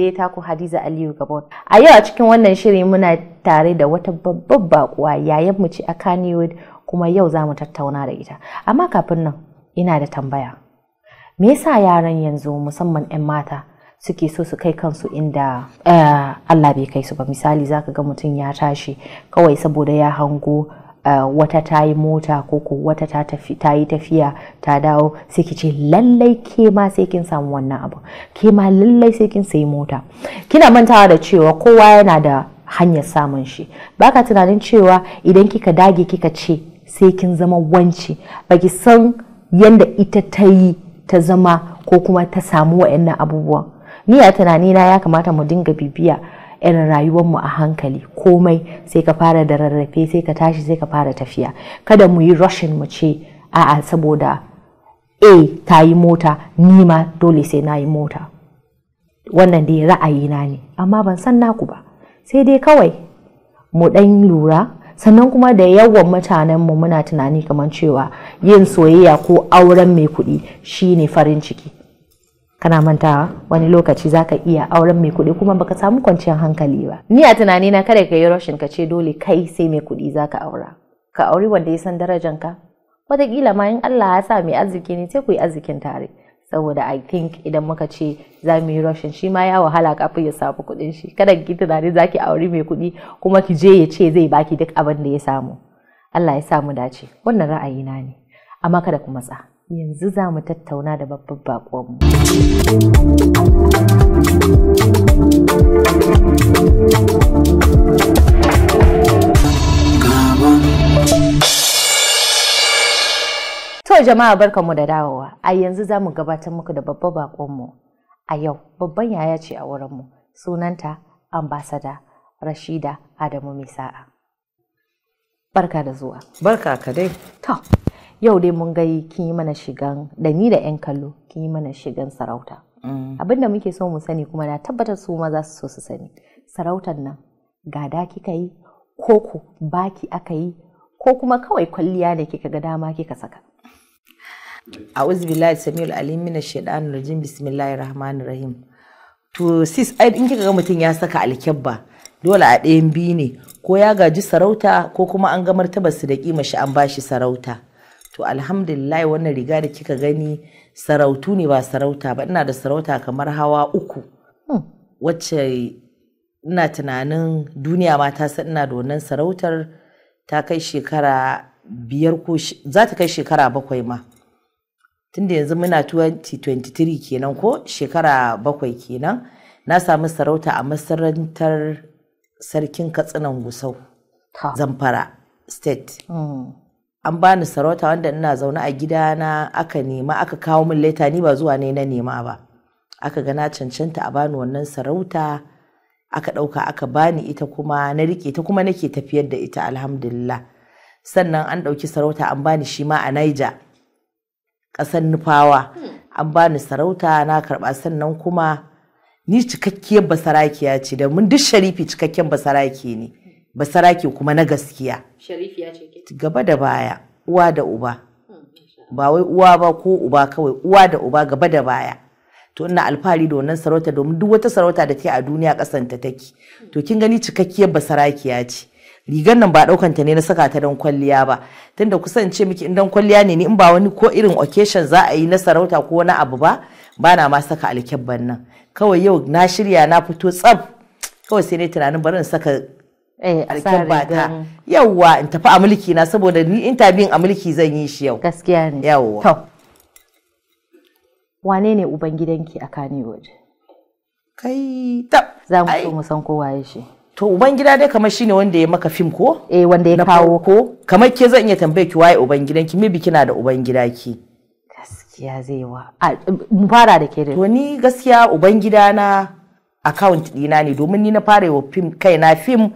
dai taku Hadiza Aliyu Gabon. A yau a cikin wannan shirin muna tare da wata babbar bakuwa yayan mu ce a Kannywood kuma yau za mu tattauna da ita. Amma kafin nan ina da tambaya. Me yasa yaran yanzu musamman 'yan mata suke so su kai kansu inda eh, Allah bai kai su ba misali zaka ga mutum ya tashi kawai saboda ya hango Uh, wata ta yi mota ko ko wata ta yi tafiya ta dawo sai ki ce lallai ke ma sai kin samu wannan abu ke ma lallai sai kin sayi mota kina mantawa da cewa kowa yana da hanyar samun shi baka tunanin cewa idan kika dage kika ce sai kin zama wanci baki san yadda ita ta yi ta zama ko kuma ta samu wa'annan abubuwan ni a tunanina ya kamata mu dinga bibiya irin mu a hankali komai sai ka fara da rarrafe sai ka tashi sai ka fara tafiya kada mu yi rushin mu ce a'a saboda a ta yi mota ni ma dole sai na yi mota wannan dai na ne amma ban san naku ba sai dai kawai mu ɗan lura sannan kuma da yawan mutanenmu muna tunani kamar cewa yin soyayya ko auren mai kuɗi shine farin ciki kana mantawa wani lokaci zaka iya auren mai kuɗi kuma baka samu kwanciyar hankali ba ni a tunani na kada ka yi rashin ka ce dole kai sai mai kuɗi zaka aura ka auri wanda ya san darajan ka wataƙila ma in Allah ya sa mai arziki ne sai ku yi arzikin tare saboda I think idan muka ce za mu yi rashin shi ma ya wahala kafin ya samu kuɗin shi kada ki tunani zaki auri mai kuɗi kuma ki je ya ce zai baki duk abin da ya samu Allah ya samu dace wannan ra'ayina ne amma kada ku matsa yanzu za mu tattauna da babban bakonmu. To jama'a barka mu da dawowa, a yanzu za mu gabatar muku da babban bakonmu. A yau babban yaya ce a wurin mu? sunanta ambasada Rashida Adamu misa'a sa'a. Barka da zuwa. Barka ka dai. To, yau dai mun gai kin yi mana shigan da ni da yan kallo kin yi mana shigan sarauta mm. abin da muke so mu sani kuma na tabbatar su ma za su so su sani sarautar nan gada kika yi ko ku baki aka yi ko kuma kawai kwalliya ne kika ga dama kika saka a'udhu billahi samiul alim minash shaitanir rajim bismillahir rahmanir rahim to sis ai in kika ga mutum ya saka alkyabba dole a ɗayan biyu ne ko ya gaji sarauta ko kuma an ga martabar su da kima shi an bashi sarauta to alhamdulillah wannan riga da kika gani sarautu ne ba sarauta ba ina da sarauta kamar hawa uku hmm. wacce ina tunanin duniya ma ta san ina da wannan sarautar ta kai shekara biyar ko za ta kai shekara bakwai ma tunda yanzu muna 2023 kenan ko shekara bakwai kenan na samu sarauta a masarautar sarkin katsinan gusau zamfara state hmm. an bani sarauta wanda ina zaune a gida na, aka nema aka kawo min leta ni ba zuwa ne na nema ba aka gana cancanta a bani wannan sarauta aka ɗauka aka bani ita kuma na riƙe ta kuma nake tafiyar da ita alhamdulillah sannan an ɗauki sarauta an bani shi ma a naija ƙasar nufawa an bani sarauta na karɓa sannan kuma ni cikakkiyar basarakiya ce da mun duk sharifi cikakken basaraki ne basarake kuma na gaskiya ce gaba da baya uwa da uba hmm, ba wai uwa ba ko uba kawai uwa da uba gaba da baya to ina alfahari da wannan sarauta domin duk wata sarauta da ke a duniya kasanta take to kin gani cikakkiyar basarakiya ce rigar nan ba ɗaukanta ta ne na saka ta dan kwalliya ba tunda kusan ce miki in dan kwalliya ne ni in ba wani ko irin occasion za a yi na sarauta ko wani abu ba bana ma saka alkyabban nan kawai yau na shirya na fito tsaf kawai sai ne tunanin bari in saka Eh, alkin bata yawwa in tafi a mulki na saboda ni intabin a mulki zan yi shi yau gaskiya ne yawwa to wane ne ubangidanki a Kannywood kai ta za mu so mu san kowa ya shi to ubangida dai kamar shine wanda ya maka fim ko eh wanda ya kawo ko kamar ke zan iya tambaye ki waye ubangidanki me kina da gida ki gaskiya zai wa mu fara da ke da to ni gaskiya ubangida na account dina ne domin ni na fara yi wa fim kaina fim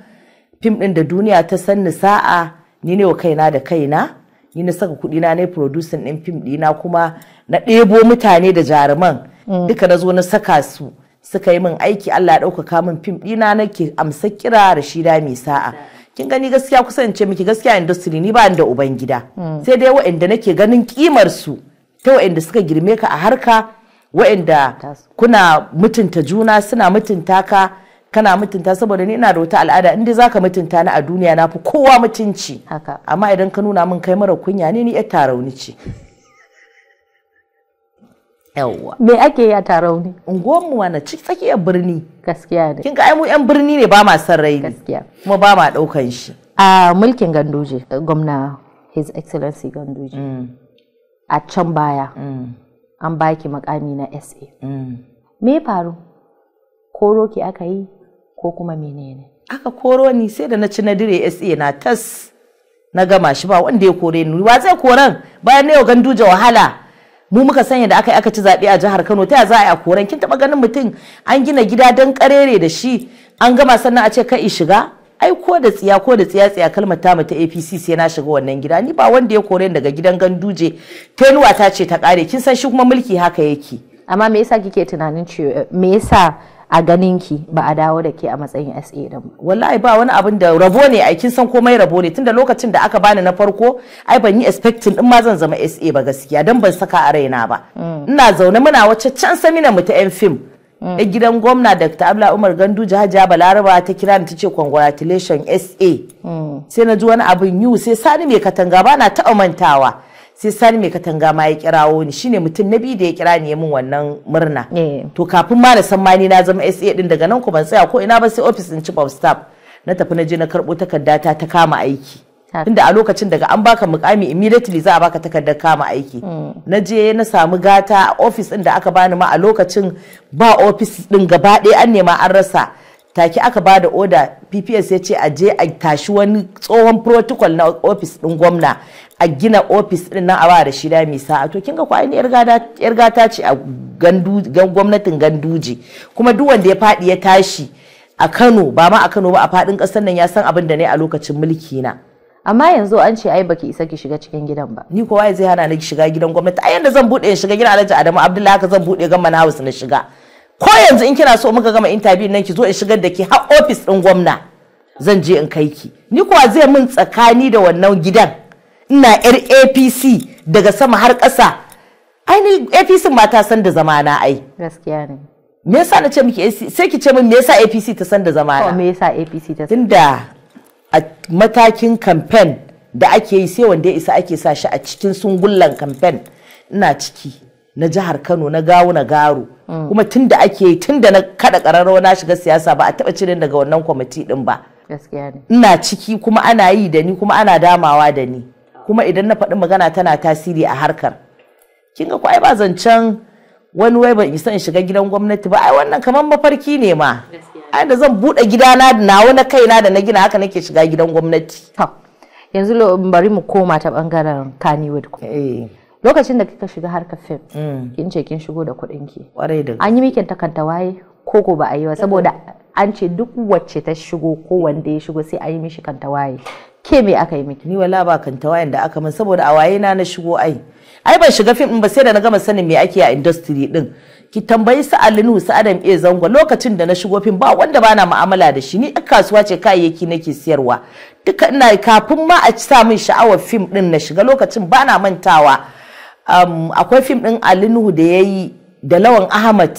fim ɗin da duniya ta sanni sa'a ni ne wa kaina da kaina ni na saka kuɗi na na producing ɗin fim ɗina kuma na ɗebo mutane da jaruman mm. duka na zo na saka su suka yi min aiki Allah ya ɗaukaka min fim ɗina nake amsa kira Rashida mai sa'a kin gani gaskiya kusan ce miki gaskiya industry ni ba ni da uban gida mm. sai dai waɗanda nake ganin kimar su ta waɗanda suka girme ka a harka waɗanda kuna mutunta juna suna mutunta ka kana mutunta saboda ni ina da wata al'ada inda zaka mutunta ni a duniya na fi kowa mutunci haka amma idan ka nuna min kai mara kunya ne ni ya tarauni ce yawwa me ake yi a tarauni unguwan mu na ci tsakiyar birni gaskiya ne kin ga ai mu yan birni ne ba ma san rai gaskiya kuma ba ma daukan shi a mulkin gandoje eh, gwamna his excellency gandoje mm. a can baya mm. an baki makami na sa mm. me faru koro ki aka yi ko kuma menene aka koro ni sai da na ci na dire SA na tas na gama shi ba wanda ya kore ni wa zai koran bayan ne gandu ja wahala mu muka sanya da aka aka ci zaɓe a jihar Kano ta za a yi a koran kin taba ganin mutum an gina gida dan karere da shi an gama sannan a ce 'Ka kai shiga ai ko da tsiya ko da tsiya tsiya kalmar ta ta APC sai na shiga wannan gida ni ba wanda ya kore daga gidan ganduje tenuwa ta ce ta kare kin san shi kuma mulki haka yake amma me yasa kike tunanin me yasa a ganin ki ba a dawo da ke a matsayin SA din ba wallahi ba wani abin da rabo ne ai kin san komai rabo ne tunda lokacin da aka bani na farko ai ban yi expecting din ma zan zama SA ba gaskiya dan ban saka a raina ba mm. ina zaune muna wacce can samina mu ta yan film mm. a gidan gwamna Dr. Abla Umar Gandu Jihar Balaraba ta kira ni tace ce congratulation SA mm. sai na ji wani abin yu sai sani mai katanga ba na taɓa mantawa sai sani mai katanga ma ya kirawo ni shine mutum na biyu da ya kira ni ya min wannan murna eh. to kafin ma na san ma ni na zama SA din daga nan ku ban tsaya ko ina ba sai office in chief of staff na tafi na je na karbo takarda ta ta kama aiki tunda a lokacin daga an baka mukami immediately za a baka takardar kama aiki mm. na je na samu gata a office din da aka bani ma a lokacin ba office din gaba ɗaya an nema an rasa take aka ba da oda pps ya ce a je a tashi wani tsohon protocol na ofis din gwamna a gina ofis din nan a ba da shi shida mai sa'a to kinga ko ainihin yar gata ce a gwamnatin ganduje kuma duk wanda ya fadi ya tashi a kano ba ma a kano ba a fadin kasar nan ya san abin da ne a lokacin mulki na amma yanzu an ce ai baki isa ki shiga cikin gidan ba ni kowa zai hana ni shiga gidan gwamnati a yanda zan bude shiga gidan Alhaji Adamu Abdullahi haka zan bude na house na shiga ko yanzu in kina so muka gama interview nan ki zo in shigar da ki har office din gwamna zan je in kai ki ni kuwa zai mun tsakani da wannan gidan ina yar APC daga sama har ƙasa ai ni APC ma ta san da zamana ai gaskiya ne me yasa na ce miki sai ki ce min me yasa APC ta san da zamana me yasa APC ta san da a matakin campaign da ake yi sai wanda ya isa ake sa shi a cikin sungullan kamfen ina ciki na jihar kano na gawo na garo Mm. kuma tun da ake tunda tun da na kada kararrawa na shiga siyasa ba a taba cire daga wannan kwamiti din ba ina ciki kuma ana yi da ni kuma ana damawa da ni kuma idan na faɗi magana tana tasiri a harkar kin ga ai ba zancen wani wai ban isa in shiga gidan gwamnati ba ai wannan kamar mafarki ne ma ai da zan buɗe gidana da nawa na kaina da na gina haka nake shiga gidan gwamnati yanzu bari mu koma ta bangaren kaniwood lokacin da kika shiga harkar fim mm. kin ce kin shigo da kuɗin ki an yi mikin takanta waye ko ko ba a yi ba saboda an ce duk wacce ta shigo ko wanda ya shigo sai an yi mishi kanta waye ke me aka yi miki ni wala ba kanta wayan da aka min saboda a waye na na shigo ai ai ban shiga fim din ba sai da na gama sanin me ake a industry din ki tambayi su Alinu sa Adam A Zango lokacin da na shigo fim ba wanda bana mu'amala da shi ni a kasuwa ce kayayyaki nake siyarwa duka ina kafin ma a sa min sha'awar fim din na shiga lokacin bana mantawa Um, akwai fim ɗin alinuhu da ya yi da lawan ahmad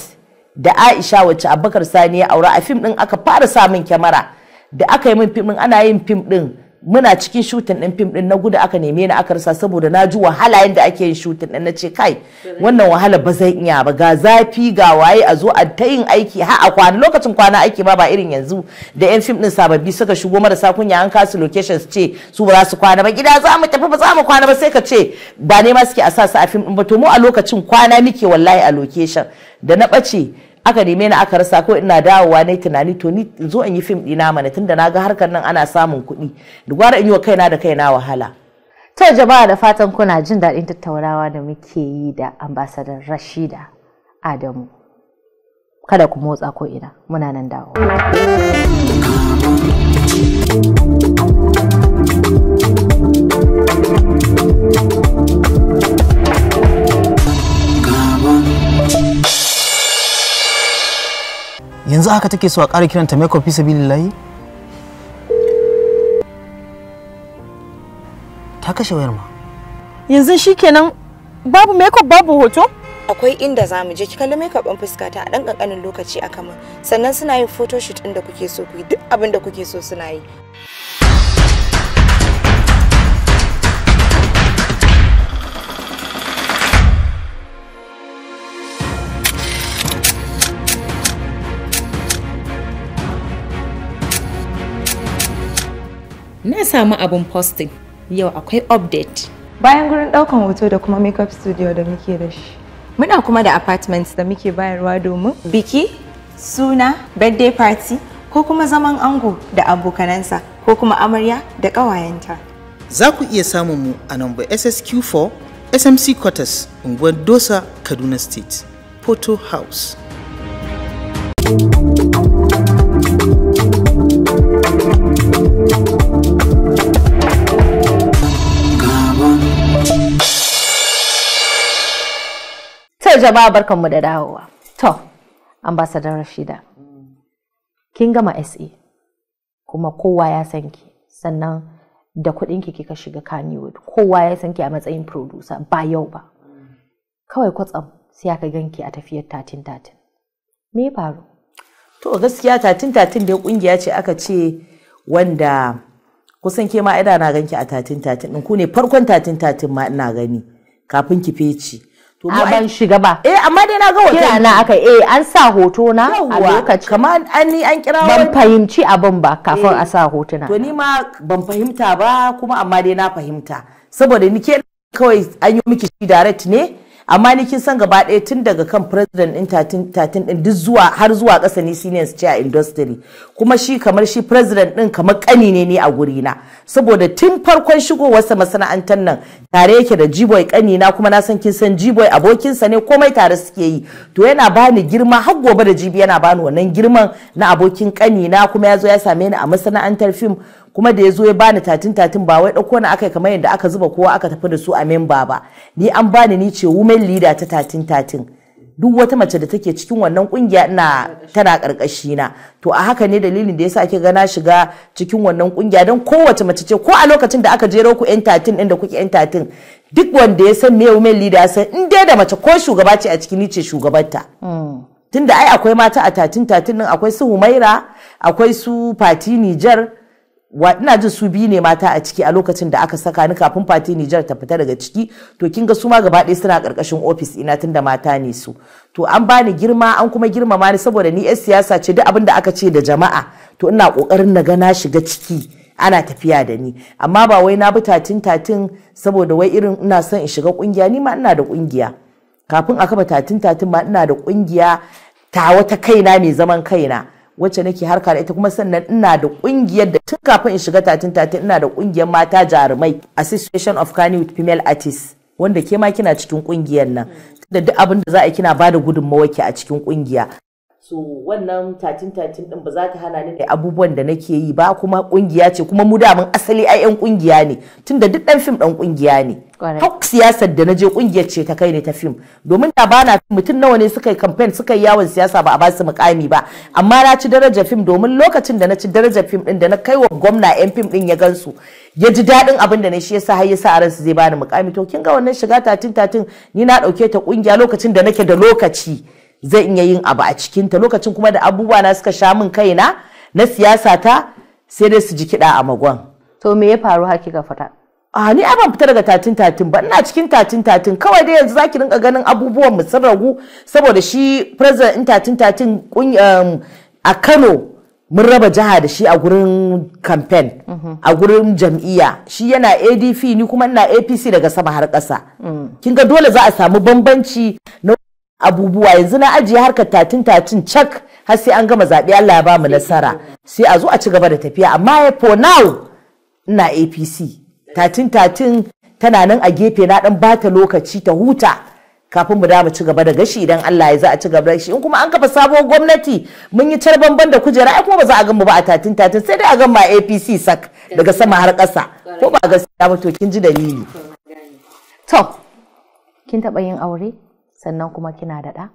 da aisha wacce abubakar sani ya aura a fim ɗin aka fara samun kyamara da aka yi min fim ɗin ana yin fim ɗin muna cikin shutin din fim din na gudu aka neme ni aka rasa saboda na ji wahala yadda ake yin shutin din na ce kai wannan wahala ba zan iya ba ga zafi ga waye a zo a ta yin aiki ha a kwana lokacin kwana aiki ma ba irin yanzu da yan fim din sababbi suka shigo marasa kunya an kasu locations ce su ba za su kwana ba gida za mu tafi ba za mu kwana ba sai ka ce ba ne ma suke a sa su a fim din ba to mu a lokacin kwana muke wallahi a location da na bace aka neme ni aka rasa ko ina dawowa na tunani to ni in zo in yi fim dina mana tunda na ga harkar nan ana samun kuɗi da gwara in yi wa kaina da kaina wahala. To jama'a da fatan kuna jin daɗin tattaunawa da muke yi da ambasadar Rashida Adamu. Kada ku motsa ko ina muna nan dawo. yanzu haka take so a ƙara kiranta makeup fisa sabilillahi ta kashe wayar ma yanzu kenan babu makeup babu hoto akwai inda za mu je ki kalli makeup ɗin fuska ta a ɗan ƙanƙanin lokaci a kama sannan suna yin photoshoot ɗin da kuke so ku yi duk abin da kuke so suna yi na samu abin posting yau akwai update bayan gurin daukan hoto da kuma makeup studio da muke da shi muna kuma da apartments da muke bayarwa domin biki suna birthday party ko kuma zaman ango da abokanansa ko kuma amarya da ƙawayenta za ku iya samun mu a number ssq4 smc quarters unguwar dosa kaduna state Photo house To jama'a barkanmu da dawowa. To, ambasadar Rashida, kin gama SA kuma kowa ya san ki sannan da kuɗinki kika shiga Kannywood kowa ya san ki a matsayin producer ba yau ba. Kawai kwatsam sai aka ganki a tafiyar tatin tatin. Me faru? to gaskiya tatin tatin dai kungiya ce aka ce wanda kusan ke ma ina na ganki a tatin tatin din ku ne farkon tatin tatin ma ina gani kafin ki feci to mu ban shiga ba eh amma dai na ga wata kira na aka eh an sa hoto na a lokaci. kamar an ni an kira ban fahimci abin ba kafin eh, a sa hotuna to ni ma ban fahimta ba kuma amma dai na fahimta saboda ni ke kawai an yi miki shi direct ne amma ni kin san gaba ɗaya tun daga kan president din 13 din duk zuwa har zuwa ƙasa ni senior ce a industry kuma shi kamar shi president ɗin kamar ƙani ne ni a guri na saboda tun farkon shigo shigowarsa masana'antar nan tare yake da jiboy ƙani na kuma na san kin san jiboy abokinsa ne komai tare suke yi to yana bani girma har gobe da jibi yana bani wannan girman na abokin ƙani na kuma ya zo ya same ni a masana'antar fim kuma da ya zo ya bani tatin tatin ba wai ɗauko na aka kamar yadda aka zuba kowa aka tafi da su a memba ba ni an bani ni ce women leader ta tatin tatin duk wata mace da take cikin wannan kungiya ina tana karkashi na to a haka ne dalilin da yasa ake gana shiga cikin wannan kungiya don kowace mace ce ko a lokacin da aka jero ku yan tatin din da kuke yan tatin duk wanda ya san me women leader ya san in dai da mace ko shugaba ce a cikin ni ce shugabarta mm. tunda ai akwai mata a tatin tatin din akwai su Humaira akwai su Fati Nijar wa ina jin su biyu ne mata a ciki a lokacin da aka saka ni kafin fati Nijar ta fita daga ciki to kin ga su ma gaba ɗaya suna karkashin ofis ina tunda mata ne su to an bani girma an kuma girmama ni saboda ni yar siyasa ce duk abin da aka ce da jama'a to ina kokarin na ga na shiga ciki ana tafiya da ni amma ba wai na bi tatin tatin saboda wai irin ina son in shiga kungiya ni ma ina da kungiya kafin a kafa tatin tatin ma ina da kungiya ta wata kaina mai zaman kaina wacce nake harka da ita kuma sannan ina da kungiyar da tun kafin in shiga tatin tatin ina da kungiyar mata jarumai association of kani female artists wanda ke ma kina cikin kungiyar nan da duk abin da za a kina bada gudunmawa ki a cikin kungiya so wannan tatin tatin din ba za ta hana ni da abubuwan da nake yi ba kuma kungiya ce kuma mu damun asali ai yan kungiya ne tunda duk dan fim dan kungiya ne har siyasar da naje kungiyar ce ta kai ne ta fim domin da bana mutum nawa ne suka yi campaign suka yi yawon siyasa ba a ba su mukami ba amma na ci daraja fim domin lokacin da na ci daraja fim din da na kai wa gwamna yan fim din ya gansu ya ji daɗin abin da ne shi yasa har yasa sa aransu zai bani mukami to kin ga wannan shiga tatin tatin ni na ɗauke ta kungiya lokacin da nake da lokaci zai iya yin abu a cikinta lokacin kuma da abubuwa na suka sha min kaina na siyasa ta sai dai su ji kiɗa a magon. To me ya faru haki ga fata? A ni a ban fita daga tatin tatin ba ina cikin tatin tatin kawai dai yanzu zaki rinka ganin abubuwan mu sun ragu saboda shi president in tatin tatin um, a Kano mun raba jiha da shi a gurin campaign a gurin jam'iyya shi yana adp ni kuma ina apc daga sama har ƙasa mm. kin ga dole za a samu bambanci na abubuwa yanzu na ajiye harkar tatin tatin cak har sai an gama zaɓe Allah ya ba mu nasara sai a zo a ci gaba da tafiya amma for now ina APC tatin tatin tana nan a gefe na dan bata lokaci ta huta kafin mu mu ci gaba da gashi idan Allah ya za a ci gaba da shi in kuma an kafa sabuwar gwamnati mun yi ban da kujera ai kuma ba za a gan mu ba a tatin tatin sai dai a gan a APC sak daga sama har ƙasa ko ba gaskiya ba to kin ji dalili to kin taɓa yin aure sannan kuma kina da ɗa?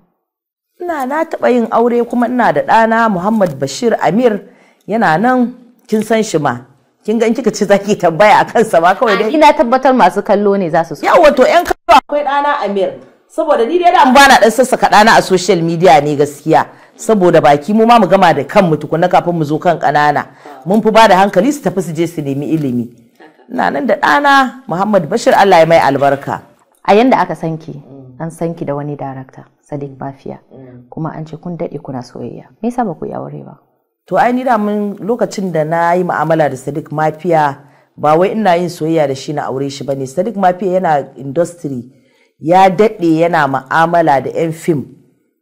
Ina na taɓa yin aure kuma ina da ɗana Muhammad Bashir Amir yana nan kin san shi ma. Kin gan kika ci zaki tambaya a kansa ma kawai dai. Ina tabbatar masu kallo ne za su so. Yawwa to ƴan kallo akwai ɗana Amir. Saboda ni dai da an bana ɗan sassaka ɗana a social media ne gaskiya. Saboda baki mu ma mu gama da kanmu tukuna kafin mu zo kan ƙanana. Mun fi ba da hankali su tafi su je su nemi ilimi. Ina nan da ɗana Muhammad Bashir Allah ya mai albarka. A yanda aka san ki, an san ki da wani darakta Sadiq Bafiya mm. kuma an ce kun dade kuna soyayya me yasa ba ku yi aure ba to ai ni da mun lokacin da na yi mu'amala da Sadiq Mafiya ba wai ina yin soyayya da shi na aure shi bane Sadiq Mafiya yana industry ya dade yana mu'amala da yan fim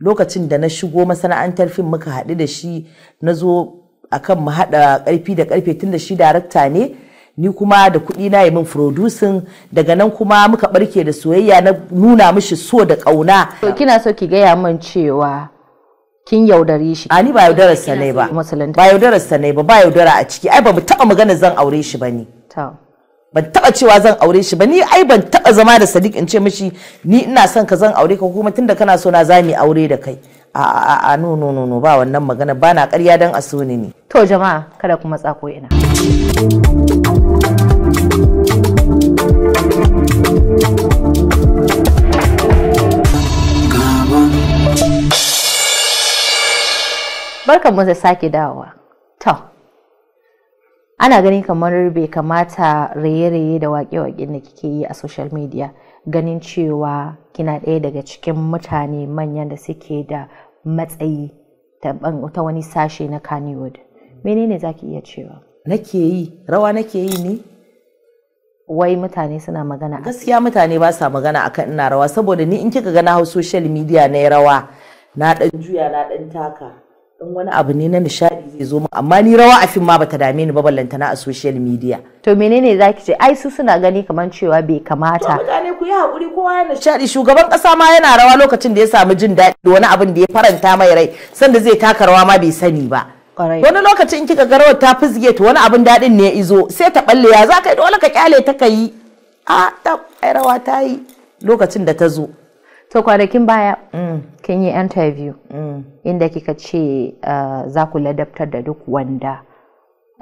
lokacin da na shigo masana'antar fim muka haɗu da shi na zo akan mu haɗa ƙarfi da ƙarfe tun da shi darakta ne ni kuma da kuɗi na yi min producing daga nan kuma muka barke da soyayya na nuna mishi so da ƙauna. kina so ki gaya min cewa kin yaudare shi. Ani ba yaudarar sa ne ba. Ba yaudarar sa ne ba ba yaudara a ciki ai ba mu taɓa magana zan aure shi ba ni. Ban taɓa cewa zan aure shi ba ni ai ban taɓa zama da Sadiq in ce mishi ni ina son ka zan aure ka kuma tunda kana so na zami aure da kai. a a a no no no no ba wannan magana ba na ƙarya dan a so ni ne. To jama'a kada ku matsa ko ina. barkan mu da sake dawowa to ana ganin kamar bai kamata raye-raye da waƙe-waƙen da kike yi a social media ganin cewa kina ɗaya daga cikin mutane manyan da suke da matsayi ta wani sashe na Kannywood menene ki iya cewa nake yi rawa nake yi ne wai mutane suna magana gaskiya mutane ba sa magana akan ina rawa saboda ni in kika ga na hau social media na rawa na dan juya na dan taka in wani abu ne na nishadi zai zo mu amma ni rawa a fim ma bata dame ni ba ballantana a social media to menene zaki ce ai su suna gani kamar cewa bai kamata to mutane ku yi hakuri kowa ya nishadi shugaban kasa ma yana rawa lokacin da ya samu jin daɗi wani abin da ya faranta mai rai sanda zai taka rawa ma bai sani ba wani lokaci in kika garwar ta fizge ta wani abin daɗin ne ya izo sai ta balle ya za ka yi dole ka kyale ta kayi a ta rawa ta yi lokacin da ta zo to kwanakin baya mm. kin yi interview mm. inda kika ce eh, za ku ladabtar da duk wanda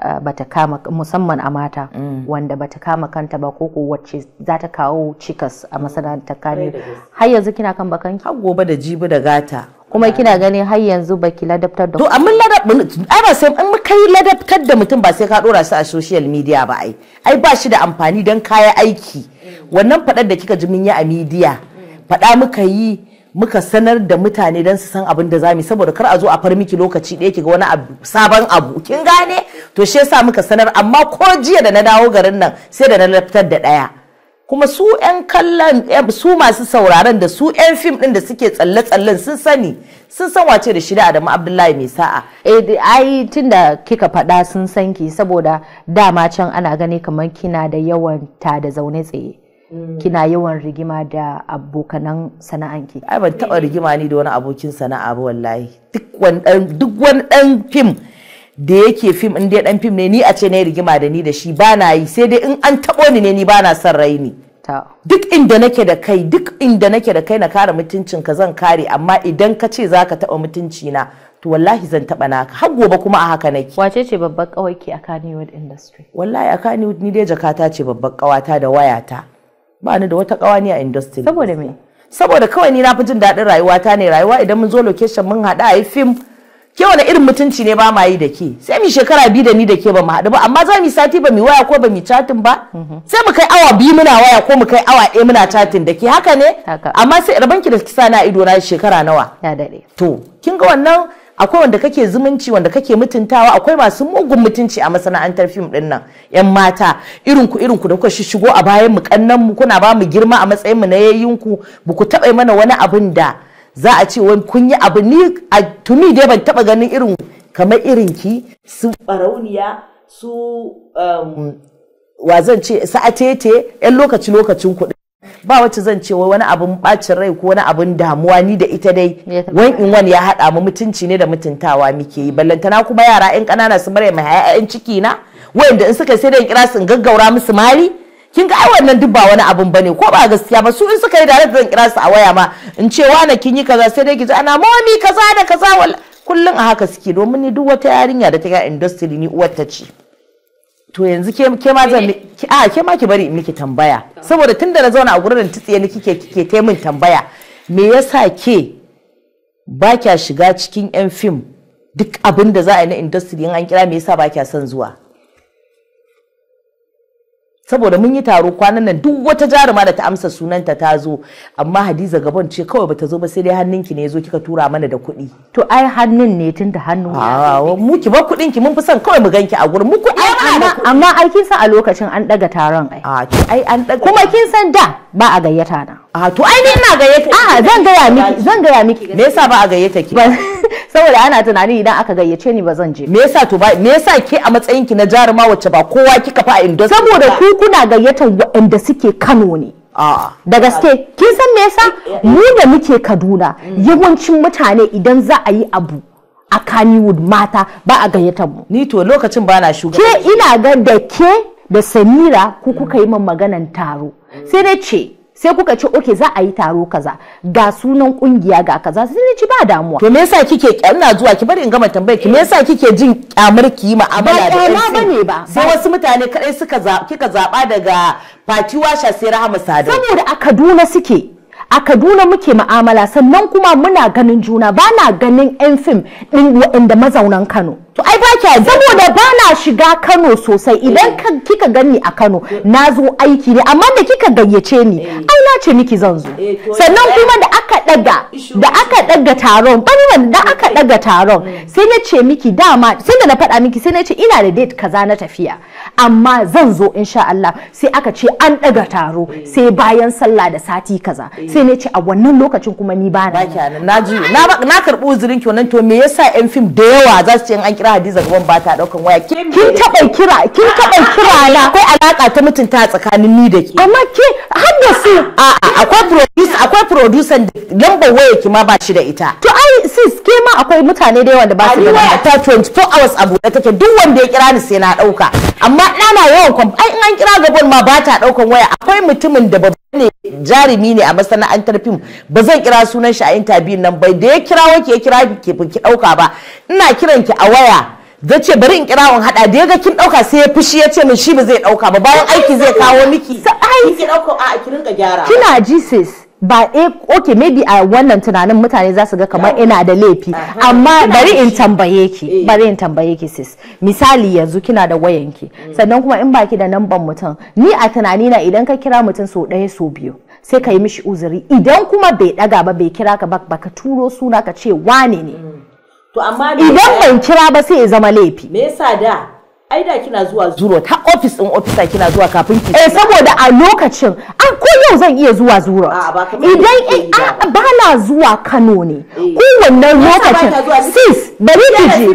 eh, bata kama musamman a mata mm. wanda bata kama kanta ba koko wacce za ta kawo cikas a masana'antar kane har yanzu kina kan bakan har gobe da jibi da gata kuma kina ganin har yanzu baki ladabtar da to amma ladab ba sai in kai ladabtar da mutum ba sai ka dora su a social media ba ai ai ba shi da amfani dan kaya aiki mm. wannan fadar da kika ji mun yi a media mm. fada muka yi muka sanar da mutane don su san abin da zamu saboda kar a zo a far miki lokaci ɗaya kiga wani abu sabon abu kin gane to shi yasa muka sanar amma ko jiya da na dawo garin nan sai da na ladabtar da ɗaya kuma su ƴan kallon eh, su masu sauraron da su ƴan fim ɗin da suke tsalle-tsallen sun sani sun san wace da shida Adamu Abdullahi mai sa'a. Eh ai tunda kika faɗa sun san ki saboda dama can ana gani kamar kina da yawan ta da zaune tsaye. Mm. Kina yawan rigima da abokanan sana'anki. Ai ban taɓa rigima ni da wani abokin sana'a ba wallahi. Duk wani ɗan fim da yake fim in dai dan fim ne ni a ce na rigima da ni da shi ba na yi sai dai in an tabo ni ne ni ba na son raini duk inda nake da kai duk inda nake da kai na kare mutuncin ka zan kare amma idan ka ce zaka taɓa mutunci na to wallahi zan taɓa naka har gobe kuma a haka nake wace ce babbar kawai a Kannywood industry wallahi a Kannywood ni dai jakata ce babbar kawata da wayata ba ni da wata ni a industry saboda me saboda kawai ni na fi jin daɗin rayuwata ne rayuwa idan mun zo location mun haɗa a yi fim ke wani irin mutunci ne ba ma yi da ke sai mu shekara biyu da ni da ke ba mu haɗu ba amma za mu sati ba mu waya ko ba mu chatin ba mhm. sai mu kai awa biyu muna waya ko mu kai awa ɗaya muna chatin da ke haka ne amma sai rabon ki da kisa na ido na shekara nawa ya daɗe to kin ga wannan akwai wanda kake zumunci wanda kake mutuntawa akwai masu mugun mutunci a masana'antar fim din nan yan mata irin ku irin ku da kuka shigo a bayan mu kannan mu kuna ba mu girma a matsayin mu na ku ba ku taɓa mana wani abin da za a ce wani kun yi abu ni a tuni dai ban taba ganin irin kamar irin ki su barauniya su um, wa zan ce sa'atete yan lokaci lokacin kuɗi ba wacce zan ce wani abin bacin rai ko wani abin damuwa ni da ita dai wan in wani ya haɗa mu mutunci ne da mutuntawa muke yi ballantana kuma yara yan ƙanana su mare mai haya ciki na wanda in suka sai da kira su gaggaura musu mali kin ga ai wannan duk ba wani abun bane ko ba gaskiya ba su in suka yi direct zan kira su a waya ma in ce na kin yi kaza sai dai ki ji ana momi kaza da kaza wal kullun a haka suke domin ni duk wata yarinya da ta ga industry ni uwar ta ce to yanzu ke ke ma zan a ke ma ki bari in miki tambaya saboda tun da na zauna a gurin tsiye ni kike kike ta min tambaya me yasa ke ba kya shiga cikin yan fim duk abin da za a yi na industry in an kira me yasa ba kya son zuwa saboda mun yi taro kwanan nan duk wata jaruma da ta amsa sunanta ta zo amma hadiza gaban ce kawai bata zo ba sai dai hannunki ne zo kika tura mana da kuɗi to ai hannun ne tun da hannu ah, mu ki ba kuɗin ki mun fi son kawai mu ganki a gurin mu kuɗi amma amma ai kin san a lokacin an daga taron ai ah, ai an daga kuma kin san da ba a gayyata na a to ai ni ina gayyata a zan gaya miki zan gaya miki me yasa ba a gayyata ki saboda ana tunani idan aka gayyace ni bazan zan je me yasa to ba me yasa ke a matsayin ki na jaruma wacce ba kowa kika fa a saboda ku kuna gayyatar waɗanda suke Kano ne da gaske kin san me yasa mu da muke Kaduna mm. yawancin mutane idan za a yi abu a Kannywood mata ba a gayyatar mu ni to lokacin ba na shugaba ke ina ga da ke da Samira ku kuka yi min maganan taro mm. sai na ce sai kuka ce oke za a yi taro kaza ga sunan kungiya ga kaza sai ci ba damuwa to me yasa kike ina zuwa ki bari in gama tambayar ki me yasa kike jin kyamar ki ma'amala da ba bane ba sai wasu mutane kadai suka kika zaba daga party Washa sai Rahama sadu saboda a Kaduna suke a kaduna muke ma'amala sannan kuma muna ganin juna ba na ganin 'yan fim ɗin waɗanda mazaunan kano ai ba kya saboda ba na shiga Kano sosai idan eh. kika gani a Kano na zo aiki ne amma da kika gayyace ni eh. ai na ce miki zan zo eh, sannan kuma da aka daga da aka daga taron bari da aka daga taron mm. sai na ce miki dama sai da na faɗa miki sai na ce ina da date kaza na tafiya amma zan zo insha Allah sai aka ce an daga taro sai bayan sallah da sati kaza sai na ce a wannan lokacin kuma ni ba na na karɓi uzurin ki wannan to me yasa yan fim da yawa za su ce an kira Hadiza gaban ba ta daukan waya kin taba kira kin taba kira na akwai alaka ta mutunta tsakanin ni da ke amma ke har su a'a akwai producer akwai producer da lambar waya ki ma ba shi da ita to sis ke ma akwai mutane da yawa da ba su da ta 24 hours a buɗe take duk wanda ya kira ni sai na dauka amma ɗana yawan ai in an kira gabon ma ba ta daukan waya akwai mutumin da babba ne jarumi ne a masana'antar fim ba zan kira sunan shi a interview nan bai da ya kira wake ya kira ki ki dauka ba ina kiran ki a waya da ce bari in kira in hada da ya ga kin dauka sai ya fushi ya ce min shi ba zai dauka ba bayan aiki zai kawo miki sai ki dauka a ki rinka gyara kina jesus ba eh okay maybe a wannan tunanin mutane za su ga kamar ina da laifi amma bari in tambaye ki eh. bari in tambaye ki sis misali yanzu kina da wayanki mm. sannan kuma in baki da namban mutum ni a tunani na idan ka kira mutum so ɗaya so biyu sai ka yi mishi uzuri idan kuma bai ɗaga ba bai kira ka ba ka turo suna ka ce wane ne mm. idan ban kira ba sai ya zama laifi me yasa da ai da kina zuwa zuro ta ofis din ofisa kina zuwa kafin ki eh saboda a lokacin an ko yau zan iya zuwa zuro idan ba na zuwa Kano ne eh. ko wannan lokacin sis bari ki ji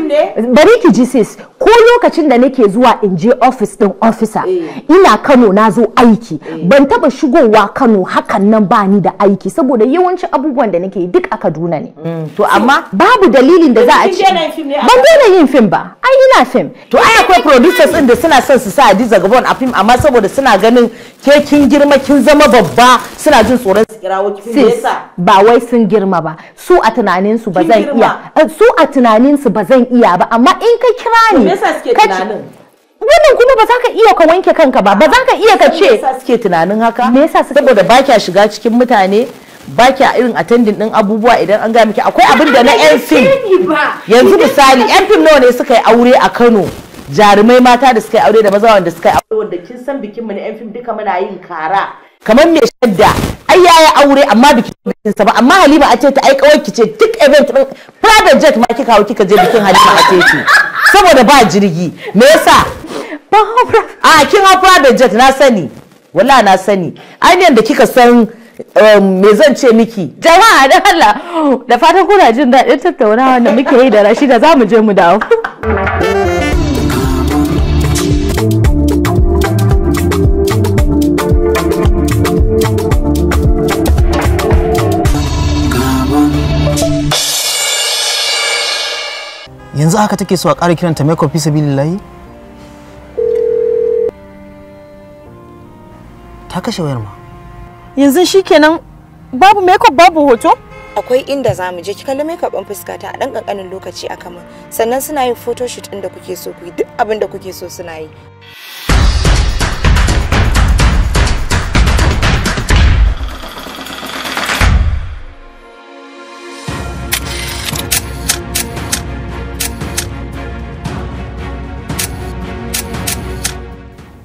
bari ki ji sis ko lokacin da nake zuwa in je ofis din ofisa eh. ina Kano na zo aiki eh. ban taba shigowa Kano hakan nan ba ni da aiki saboda yawancin abubuwan da nake duk a Kaduna ne mm, to amma babu dalilin da za a ci ban daina yin fim ba ai ina fim to ai akwai producers ɗin da suna son su sa Hadiza Gabon a film amma saboda suna ganin ke kin girma kin zama babba suna jin tsoron su kirawo ki ba wai sun girma ba su a tunanin su ba zan iya su a tunanin su ba zan iya ba amma in ka kira ni wannan kuma ba za ka iya ka wanke kanka ba ba za ka iya ka ce me yasa suke tunanin haka me yasa suke saboda ba kya shiga cikin mutane ba kya irin attending din abubuwa idan an ga miki akwai abin da na yan yanzu misali yan fim nawa ne suka yi aure a Kano jarumai mata da suka yi aure da maza wanda suka yi aure wanda kin san bikin mu na yan fim duka muna yin kara kamar me shadda ai yaya aure amma bikin bikin sa ba amma Halima a ce ta ai kawai ki ce duk event private jet ma kika hawo kika je bikin Halima a ce saboda ba jirgi me yasa a kin hawo private jet na sani wallahi na sani ne da kika san um, me zan ce miki jama'a da Allah da fatan kuna jin daɗin tattaunawa da muke yi da Rashida za mu je mu dawo yanzu haka take so a ƙara kiranta makeup fisa billahi ta kashe wayar ma yanzu shikenan babu makeup babu hoto akwai inda za mu je ki kalli makeup ɗin fuska ta a ɗan ƙanƙanin lokaci a kama sannan suna yin photoshoot ɗin da kuke so ku yi duk abin da kuke so suna yi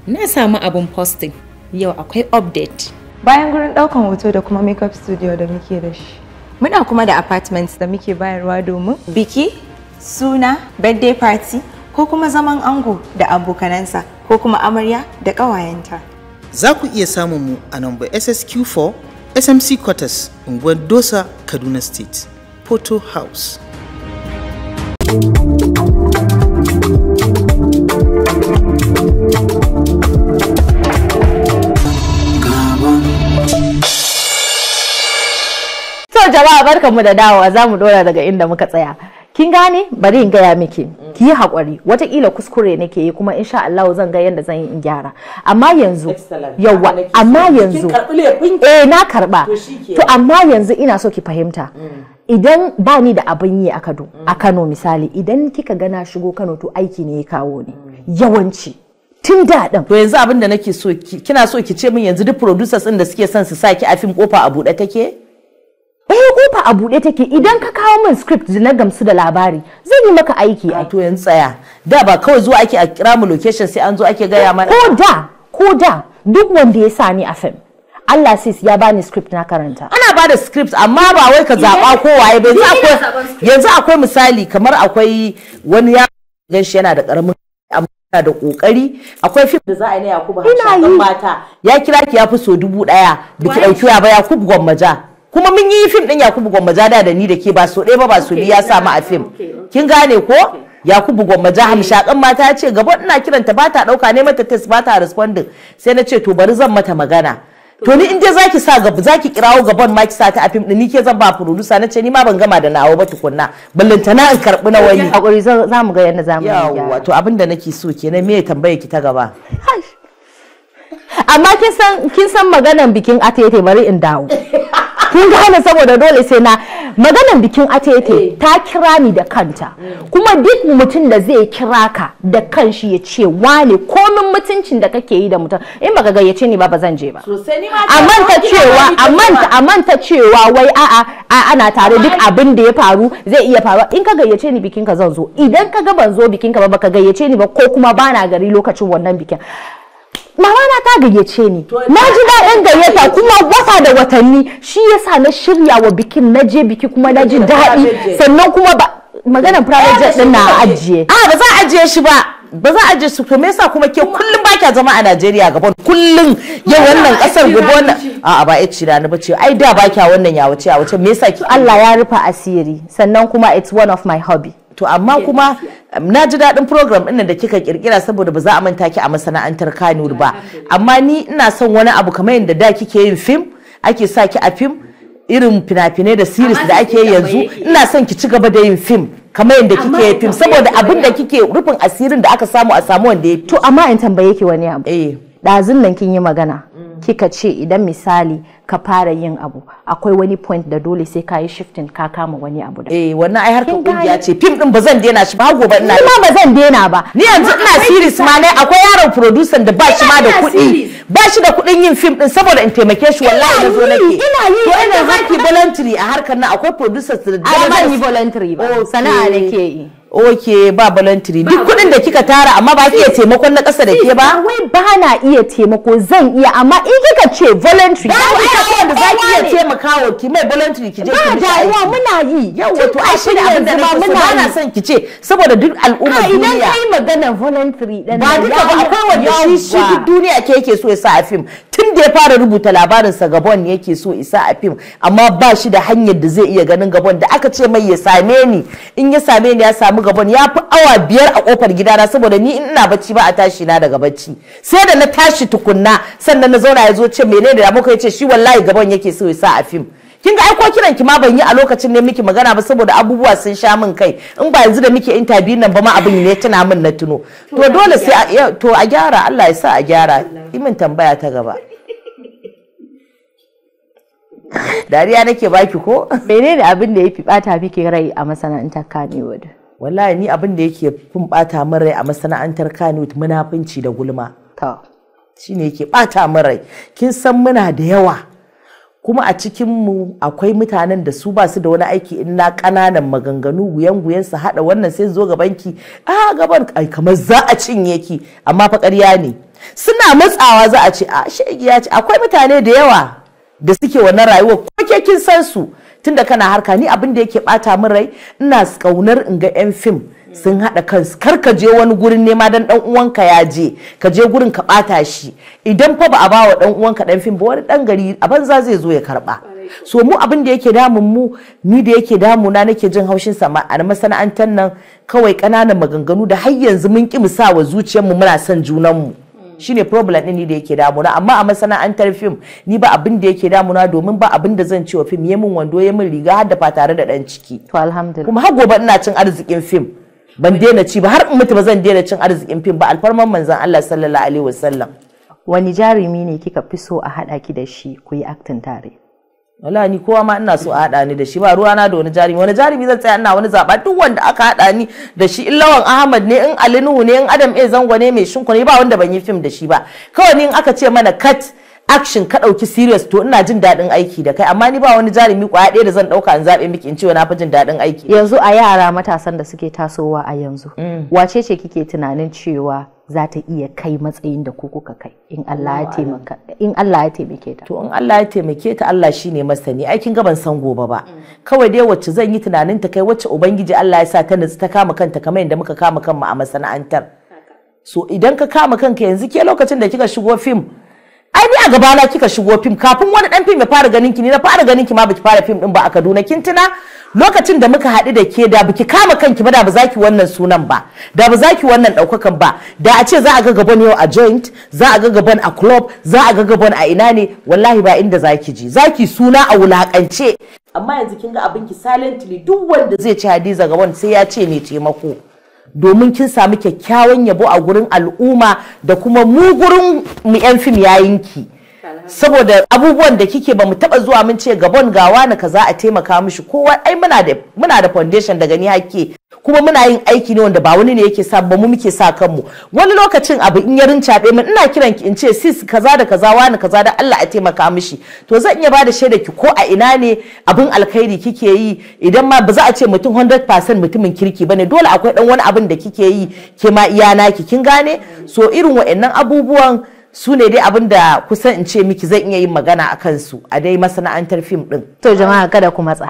na samu abin posting yau akwai update bayan gurin daukan hoto da kuma makeup studio da muke da shi muna kuma da apartments da muke bayarwa domin biki suna birthday party ko kuma zaman ango da abokanansa ko kuma amarya da ƙawayenta za ku iya samun mu a number ssq4 smc quarters unguwar dosa kaduna state photo house jama'a barkanmu da dawowa za mu dora daga inda muka tsaya kin gane bari in gaya miki ki yi haƙuri watakila kuskure nake yi kuma insha Allah zan ga yadda zan yi in gyara amma yanzu yawa amma yanzu eh na karba to amma yanzu ina so ki fahimta mm. idan ba ni da abin yi a Kano a mm. Kano misali idan kika gana shigo Kano to aiki ne ya kawo ni mm. yawanci tun da dan to yanzu abin da nake so kina so ki ce min yanzu duk producers din da suke son su saki a fim kofa a buɗe take eh kofa a buɗe take idan ka kawo min script na gamsu da labari zan yi maka aiki a to yanzu tsaya da ba kawai zuwa ake a kira mu location sai an zo ake gaya mana ko da ko da duk wanda ya ni a fim Allah sis ya bani script na karanta. Ana ba da script amma ba wai ka zaba eh. ko waye ba yanzu akwai misali kamar akwai wani ya gan shi yana da ƙaramin yana da kokari akwai fim da za a yi na Yakubu Hassan mata ya kira ki ya fi so dubu daya biki dauki ya ba Yakubu Gwammaja kuma mun yi fim din Yakubu Gwammaja da da ni da ke ba so dai ba ba so ni ya samu a fim kin gane ko Yakubu Gwammaja eh. hamshakan mata ya ce gaba ina kiranta ba ta dauka ne mata test ba ta responding sai na ce to bari zan mata magana to ni in je zaki sa gaba zaki kirawo gaban ma ki sa ta afim fim din ni ke zan ba producer nace ni ma ban gama da nawo ba tukunna ballanta na in karbi na wani hakuri za mu ga yanda za mu yi yawa to abinda nake so kenan me tambaye ki ta gaba amma kin san kin san maganan bikin atete bari in dawo kun gane saboda dole sai na maganar bikin atete eh. ta kira ni da kanta mm. kuma duk mutum da zai kira ka da kanshi ya ce wane komin mutuncin da kake yi da mutum in baka gayyace ni ba ba zan je ba amman ta cewa amman ta cewa wai a'a ana tare duk abin da ya faru zai iya faruwa in ka gayyace ni bikin ka zan zo idan ka ga ban zo bikin ka ba baka gayyace ni ba ko kuma bana gari lokacin wannan bikin mama na ta gayyace ni na ji daɗin gayyata kuma wata da watanni shi yasa na shirya wa bikin na je biki kuma na ji daɗi sannan kuma ba maganar private jet din na ajiye a ba za a ajiye shi ba ba za a ajiye su to me yasa kuma ke kullum ba kya zama a Najeriya gaban kullum yau wannan kasar gobe wannan a ba ya ci rani ce ai da ba kya wannan ya wuce a wuce me yasa ki Allah ya rufa asiri sannan kuma it's one of my hobby to amma kuma um, na ji daɗin program ɗin da kika kirkira saboda ba za a manta ki a masana'antar kanur ba amma ni ina son wani abu kamar yadda da kike yin fim ake sa ki a fim irin fina-finai da series da ake yi yanzu ina son ki ci gaba da yin fim kamar yadda kike yin fim saboda abin da kike rufin asirin da aka samu a samu wanda ya to amma in tambaye ki wani abu Eh. ɗazun nan kin yi magana mm. kika ce idan misali ka fara yin abu akwai wani point da dole sai ka yi shifting ka kama wani abu da eh wannan ai harkar kungiya ce fim din bazan zan daina shi ba gobe ina ni ba zan daina ba ni yanzu ina series ma ne akwai yaron producer da ba shi ma da kuɗi ba shi da kuɗin yin fim din saboda in taimake shi wallahi na zo nake ina yi to ina zaki voluntary a harkar nan akwai producers da ba ni voluntary ba sana'a nake yi oke ba voluntary duk kuɗin da kika tara amma ba iya taimakon na ƙasa da ke ba wai ba na iya taimako zan iya amma in kika ce voluntary ba ka ce wanda za ki iya taimakawa ki mai voluntary ki je ki ba damuwa muna yi yau to a shi da ba muna na son ki ce saboda duk al'umma duniya idan kai magana voluntary dan ba duka ba akwai wanda shi shi duk duniya ke yake so ya sa a film tun da ya fara rubuta labarin sa Gabon ne yake so isa a film amma ba shi da hanyar da zai iya ganin Gabon da aka ce mai ya same ni in ya same ni ya samu gabon ya fi awa biyar a kofar gidana saboda ni ina bacci ba a tashi na daga bacci sai da na tashi tukunna sannan na zauna ya zo ce menene da muka ce shi wallahi gaban yake so ya sa a fim kin ga aiko kiran ki ma ban yi a lokacin ne miki magana ba saboda abubuwa sun sha min kai in ba yanzu da muke interview nan ba ma abin ne tuna min na tuno to dole sai to a gyara Allah ya sa a gyara imin tambaya ta gaba dariya nake baki ko menene abin da ya fi bata miki rai a masana'antar Kannywood wallahi ni abin da yake fin bata min rai a masana'antar kanut munafunci da gulma shine yake bata min rai kin san muna da yawa kuma a cikin mu akwai mutanen da su basu da wani aiki in na kananan maganganu guyan guyan su hada wannan sai zo gaban ki a gaban ai kamar za a cinye ki amma fa ƙarya ne suna matsawa za a ce a shegiya ce akwai mutane da yawa da suke wannan rayuwa ko ke kin san su tunda kana harka ni abin da yake bata min rai ina kaunar in ga yan fim sun haɗa kansu kar ka je wani gurin nema dan dan uwanka ya je ka je gurin ka bata shi idan fa ba a bawa dan uwanka dan fim ba wani dan gari a banza zai zo ya karba so mu abin da yake damun mu ni da yake damuna nake jin haushin sama a masana'antar nan kawai ƙananan maganganu da har yanzu mun ƙi mu sa wa zuciyarmu muna son junanmu shine problem ɗin ni da yake damuna amma a masana'antar fim ni ba abin da yake damuna domin ba abin da zan ci wa fim ya min wando ya min riga har da ba tare da ɗan ciki to alhamdulillah kuma har gobe ina cin arzikin fim ban daina ci ba har in mutu ba zan daina cin arzikin fim ba alfarman manzon Allah sallallahu alaihi wasallam wani jarumi ne kika fi so a haɗa ki da shi ku yi aktin tare wala ni kowa ma ina so a haɗa ni da shi ba ruwa na da wani jarumi wani jarumi zan tsaya ina wani zaɓa duk wanda aka haɗa ni da shi in lawan ahmad ne in ali ne in adam a zango ne mai shinku ne ba wanda ban yi fim da shi ba kawai ni in aka ce mana cut action ka ɗauki serious to ina jin daɗin aiki da kai amma ni ba wani jarumi kwaya ɗaya da zan ɗauka in zaɓe miki in ce na fi jin daɗin aiki yanzu a yara matasan da suke tasowa a yanzu mm. wace ce kike tunanin cewa za ta iya kai matsayin da ku kuka kai in Allah ya taimake ta to in Allah ya taimake ta Allah shi ne masani ai kin ga san gobe ba mm. kawai dai wacce zan yi tunanin ta kai wacce ubangiji Allah ya sa ta nutsu ta kama kanta kamar yadda muka kama kanmu a masana'antar so idan ka kama kanka yanzu ke lokacin da kika shigo fim ai ni a gaba na kika shigo fim kafin wani dan fim ya fara ganin ki ni na fara ganin ki ma baki fara fim din ba a Kaduna kin tuna lokacin da muka haɗu da ke da baki kama kanki ba da ba za ki wannan sunan ba da ba za ki wannan ɗaukakan ba da a ce za a ga gaban yau a joint za a ga gaban a club za a ga gaban a ina ne wallahi ba inda zaki ji zaki suna a wulakance amma yanzu kin ga abinki silently duk wanda zai ci hadiza gaban sai ya ce mai taimako domin kin samu kyakkyawan yabo a gurin al'umma da kuma mu gurin mu 'yan fim yayinki saboda abubuwan da kike ba mu taba zuwa mun ce gabon ga wani kaza a taimaka mishi kowa ai muna da muna da foundation daga ni hakke kuma muna yin aiki ne wanda ba wani ne yake sa ba mu muke sa kanmu wani lokacin abu in ya rincaɓe mun ina kiran ki in ce sis kaza da kaza wani kaza da Allah a taimaka mishi to zan iya bada shaida ki ko a ina ne abin alkhairi kike yi idan ma ba za a ce mutum 100% mutumin kirki bane dole akwai dan wani abin da kike yi ke ma iya naki kin gane so irin wa'annan abubuwan su ne dai abin da kusan in ce miki zan iya yin magana a kansu a dai masana'antar fim ɗin. To jama'a kada ku matsa.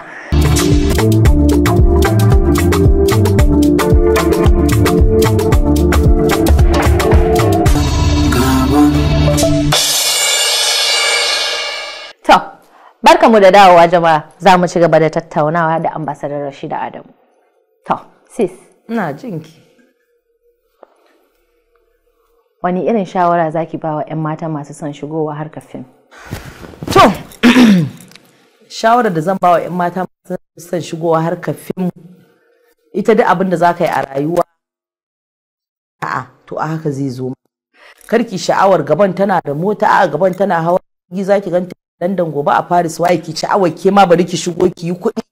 Barka mu da dawowa jama'a za mu ci gaba da tattaunawa da ambasadar Rashida Adamu. To, sis. Ina jinki. wani irin shawara zaki ba wa 'yan mata masu son shigowa harkar fim to shawarar da zan ba wa 'yan mata masu son shigowa harkar fim ita duk abin da za ka yi a rayuwa a'a to a haka zai zo karki sha'awar gaban tana da mota a gaban tana hawa gi za ki ganta London gobe a Paris waye ki sha'awar ke ma bari ki shigo ki yi kuɗi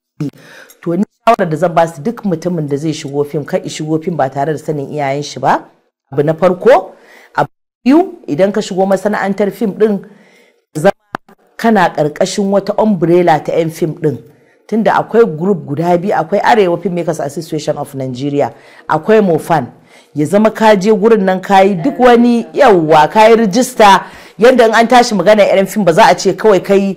to ni shawara da zan ba su duk mutumin da zai shigo fim kai shigo fim ba tare da sanin iyayen shi ba abu na farko biyu idan ka shigo masana'antar fim din zama kana karkashin wata umbrella ta 'yan fim din tunda akwai group guda biyu akwai arewa film makers association of nigeria akwai mofan ya zama ka je gurin nan kayi duk wani yawwa kayi rijista yadda an tashi magana yan fim ba za a ce kawai kai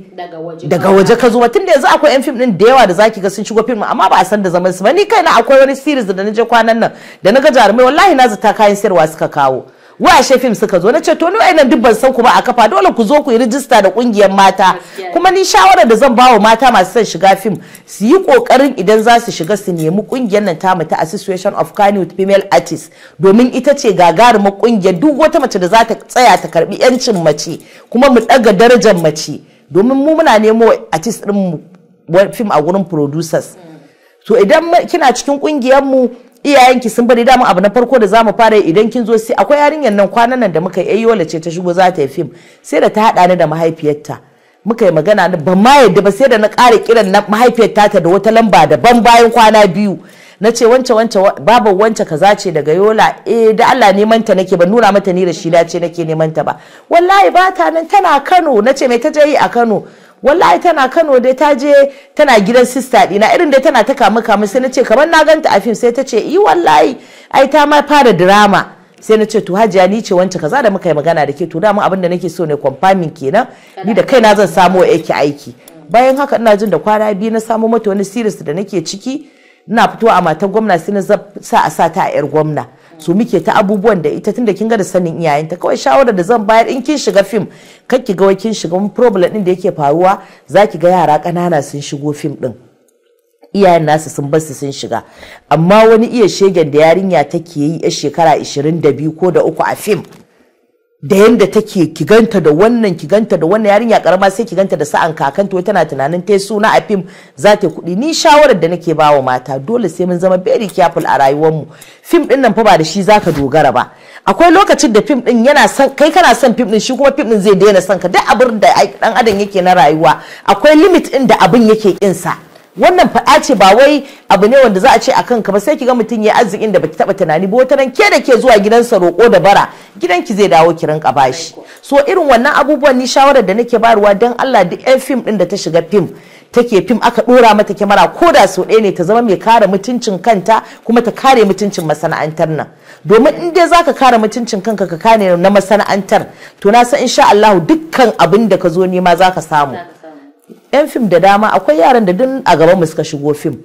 daga waje ka zo tunda yanzu akwai yan fim din da yawa da zaki ga sun shigo fim amma ba a san da zaman su ba ni kaina akwai wani series da na je kwanan nan da na ga jarumai wallahi na zata kayan sayarwa suka kawo washe fim suka zo na ce to ni wayannan duk ban san ba a kafa dole ku zo ku yi rijista da kungiyar mata kuma ni shawarar da zan bawa mata masu son shiga fim su yi kokarin idan za su shiga su nemi kungiyar nan tamu ta Association of Kano Female Artists domin ita ce gagarumar kungiyar duk wata mace da za ta tsaya ta karbi yancin mace kuma mu daga darajar mace domin mu muna nemo artist din mu fim a gurin producers mm. to idan kina cikin kungiyar mu iyayenki sun bari dama abu na farko da zamu fara idan kin zo sai akwai yarinyar nan kwanan nan da muka yi yola ce ta shigo za ta yi fim sai da ta hada ni da mahaifiyarta muka yi magana ban ma yadda ba sai da na kare kiran na mahaifiyarta ta da wata lamba da ban bayan kwana biyu na ce wance wance babu wance kaza ce daga yola eh da Allah neman ta nake ba nuna mata ni da shi ce nake neman ta ba wallahi ba ta nan tana Kano na ce me ta je yi a Kano wallahi tana Kano dai ta je tana gidan sista dina irin dai tana ta kama kama sai na ce kamar na ganta a fim sai ta ce i wallahi ai ta ma fara drama sai na ce to hajiya ni ce wancan kaza da muka yi magana da ke to dama abin da nake so ne confirming kenan ni da kaina zan samo yake aiki bayan haka ina jin da kwana biyu na samo mata wani series da nake ciki ina fitowa a matan gwamna sai na sa a sa ta a yar gwamna su muke ta abubuwan da ita tunda kin ga da sanin iyayenta kawai shawarar da zan bayar in kin shiga fim kar ki ga wai kin shiga wani problem din da yake faruwa zaki ga yara ƙanana sun shigo fim din iyayen nasu sun basu sun shiga amma wani iya shegen da yarinya take yi a shekara 22 ko da uku a fim da yadda take kiganta da wannan kiganta da wannan yarinya karama sai kiganta da sa'an kakanta wai tana tunanin tai suna a fim za ta kuɗi ni shawarar da nake bawa mata dole sai mun zama very careful a rayuwarmu fim din nan fa ba da shi zaka dogara ba akwai lokacin da fim din yana son kai kana son fim din shi kuma fim din zai daina son ka duk abin da dan adam yake na rayuwa akwai limit din da abin yake kinsa wannan faɗa ce ba wai abu ne wanda za a ce a kanka ba sai ki ga mutum ya arzikin da baki taba tunani ba nan ke da ke zuwa gidansa roƙo da bara gidan ki zai dawo ki rinka bashi so irin wannan abubuwan ni shawarar da nake barwa dan Allah duk yan fim din da ta shiga fim take fim aka dora mata kyamara ko da so ɗaya ne ta zama mai kare mutuncin kanta kuma ta kare mutuncin masana'antar nan domin in dai zaka kare mutuncin kanka ka kare na masana'antar to na san insha Allah dukkan abin da ka zo nema zaka samu 'yan fim da dama akwai yaran da dun a gaban mu suka shigo fim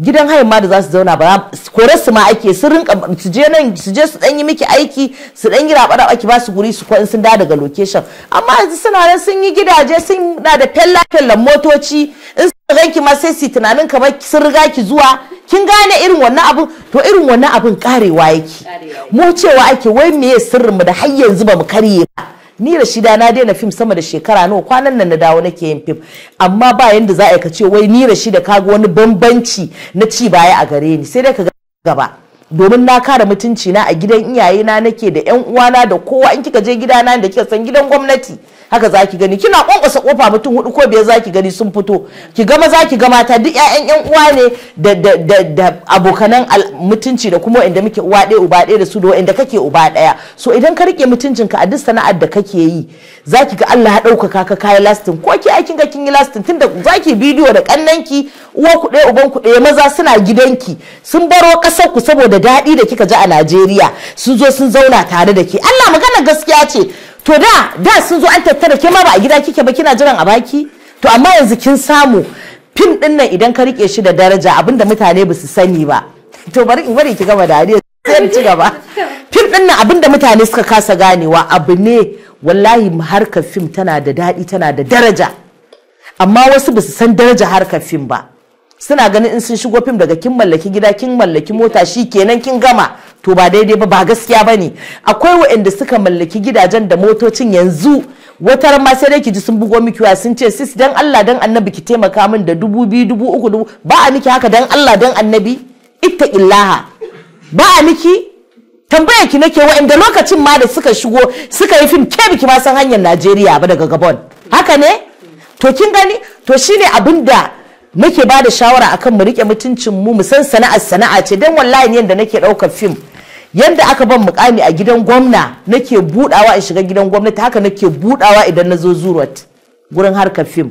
gidan hayan ma da za su zauna ba kore su ma ake su rinka su je nan su je su yi miki aiki su dan yi rabada ake ba su guri su kwan sun da daga location amma yanzu suna nan sun yi gidaje sun na da fella fellan motoci in sun ganki ma sai su tunanin kamar sun riga ki zuwa kin gane irin wannan abun to irin wannan abun karewa yake mu cewa ake wai meye sirrin mu da har yanzu ba mu karye ba ni da shida na daina fim sama da shekara nawa kwanan nan na dawo nake yin fim amma ba yanda za a yi kace wai ni da shida kaga wani bambanci na ci baya a gare ni sai dai ka gaba domin na kare mutunci na a gidan iyayena nake da yan uwana da kowa in kika je gidana da kika san gidan gwamnati haka zaki gani kina kwankwasa kofa mutum hudu ko biyar zaki gani sun fito ki ga maza ki ga duk ƴaƴan ƴan uwa ne da da da, da abokanan mutunci da kuma inda muke uwa ɗaya uba ɗaya da su da inda kake uba ɗaya so idan ka rike mutuncinka a duk sana'ar da kake yi zaki ga Allah ya dauka ka kai lastin ko ki aikin ka kin yi lastin tunda zaki bidiyo da kannanki uwa ku ɗaya uban ku ɗaya maza suna gidanki sun baro kasar ku saboda daɗi da kika ji a Najeriya sun zo sun zauna tare da ke Allah magana gaskiya ce to da da sun zo an tattara ke ma ba a gida kike ba kina jiran a baki to amma yanzu kin samu fim din nan idan ka rike shi da daraja abinda mutane ba su sani ba to bari in bari ki gama da hadiya sai ci gaba fim din nan abinda mutane suka kasa ganewa abu ne wallahi harkar fim tana da daɗi tana da daraja amma wasu ba su san daraja harkar fim ba suna ganin in sun shigo fim daga kin mallaki gida kin mallaki mota shi kenan kin gama to ba daidai ba ba gaskiya ba ne akwai waɗanda suka mallaki gidajen da motocin yanzu watar ma sai dai ki ji sun bugo miki wa sun ce sis dan Allah dan annabi ki taimaka min da dubu biyu dubu uku dubu ba a miki haka dan Allah dan annabi illaha ba a miki tambaya ki nake waɗanda lokacin ma da suka shigo suka yi fim ke biki ma san hanyar Najeriya ba daga Gabon haka ne to kin gani to shine abin da nake ba da shawara akan mu rike mutuncin mu mu san sana'ar sana'a ce dan wallahi ne yanda nake ɗaukar fim yadda aka ban mukami a gidan gwamna nake budawa in shiga gidan gwamnati haka nake budawa idan na zo zurot gurin harkar fim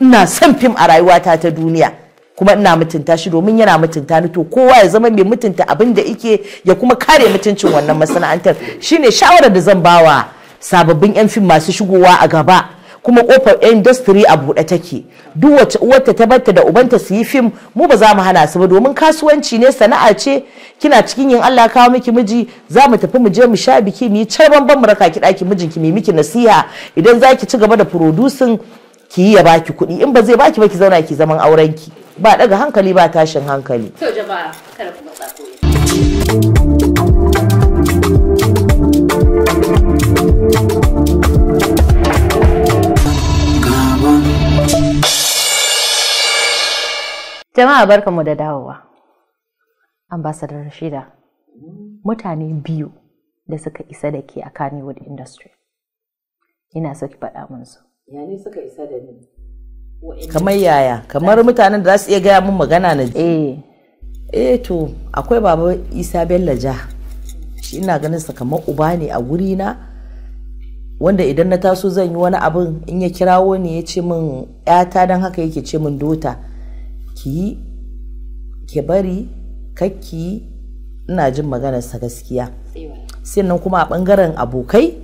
ina son fim a rayuwata ta duniya kuma ina mutunta shi domin yana mutunta ni to kowa ya zama mai mutunta abin da ike ya kuma kare mutuncin wannan masana'antar shine shawarar da zan bawa sababbin yan fim masu shigowa a gaba kuma kofar industry a buɗe take duk wacce uwarta ta barta da ubanta su yi fim mu ba za mu hana su ba domin kasuwanci ne sana'a ce kina cikin yin Allah kawo miki miji za mu tafi mu je mu sha biki mu yi carban ban mu raka ki ɗaki mijinki mu miki nasiha idan za ki ci gaba da producing ki yi ya baki kuɗi in ba zai baki ba ki zauna ki zaman aurenki ba daga hankali ba tashin hankali. To jama'a kada ku matsa koyi. Jama'a barkanmu da dawowa. Ambassador Rashida, mutane biyu da suka isa da ke a Kannywood industry. Ina so ki faɗa mun su. Ya ne suka isa da ni? Kamar yaya, kamar mutanen da za su iya gaya mun magana na Eh. Eh to, akwai baba Isa Bello Ja. Shi ina ganin sa kamar uba ne a wurina. na wanda idan na taso zan yi wani abin in ya kirawo ni ya ce min ‘yata don haka yake ce min dota ki ki bari kakki ina jin maganarsa gaskiya sannan kuma a bangaren abokai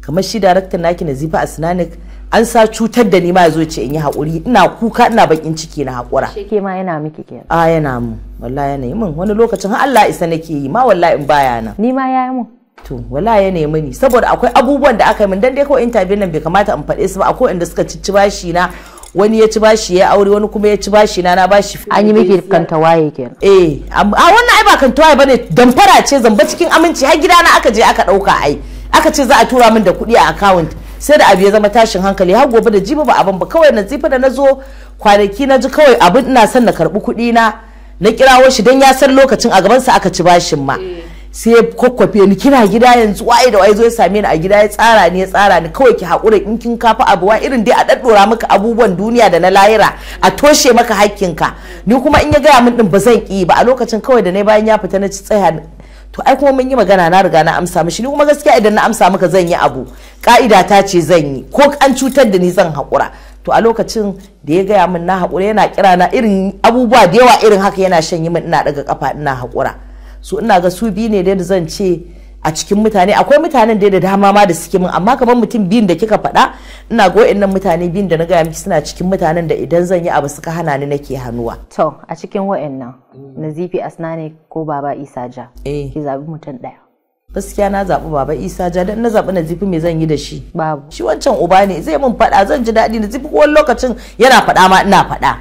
kamar shi daraktan naki na zifa asinanik an sa cutar da ni ma zo ce in yi haƙuri ina kuka ina bakin ciki na haƙura shi ma yana miki ke a yana mu wallahi yana yi min wani lokacin har Allah isa nake yi ma wallahi in baya na ni ma yayi mun to wala ya nemi ni saboda akwai abubuwan da aka yi min dan dai kawai interview nan bai kamata in faɗe su ba akwai inda suka ci bashi na wani ya ci bashi ya aure wani kuma ya ci bashi na na bashi an yi miki kanta waye kenan eh a wannan ai ba kanta waye bane damfara ce zamba cikin aminci har gida na aka je aka dauka ai aka ce za a tura min da kuɗi a account sai da abu ya zama tashin hankali har gobe da jibi ba abin ba kawai na zifa da na zo kwanaki na ji kawai abin ina son na karɓi kuɗi na na kirawo shi don ya san lokacin a gabansa aka ci bashin ma eh. sai ya kwakwafe ni kina gida yanzu wai da wai zo ya same ni a gida ya tsara ni ya tsara ni kawai ki haƙura in kin kafa abu wa irin dai a daddora maka abubuwan duniya da na layira a toshe maka hakkinka ni kuma in ya gaya min din ba zan ki ba a lokacin kawai da na bayan ya fita na ci tsaya to ai kuma mun yi magana na riga na amsa mishi ni kuma gaskiya idan na amsa maka zan yi abu ka'ida ta ce zan yi ko an cutar da ni zan haƙura to a lokacin da ya gaya min na haƙura yana kira na irin abubuwa da yawa irin haka yana shan yi min ina daga kafa ina haƙura su ina ga su biyu ne dai da zan ce a cikin mutane akwai mutanen dai da dama ma da suke min amma kamar mutum biyun da kika faɗa ina ga wayannan mutane biyun da na gaya miki suna cikin mutanen da idan zan yi abu suka hana ni nake hannuwa to a cikin wayannan nazifi asnani ko baba isa ja eh. ki zabi mutum ɗaya gaskiya na zaɓi baba isa ja dan na zaɓi na zifi me zan yi da shi babu shi wancan uba ne zai min faɗa zan ji daɗi na zifi ko lokacin yana faɗa ma ina faɗa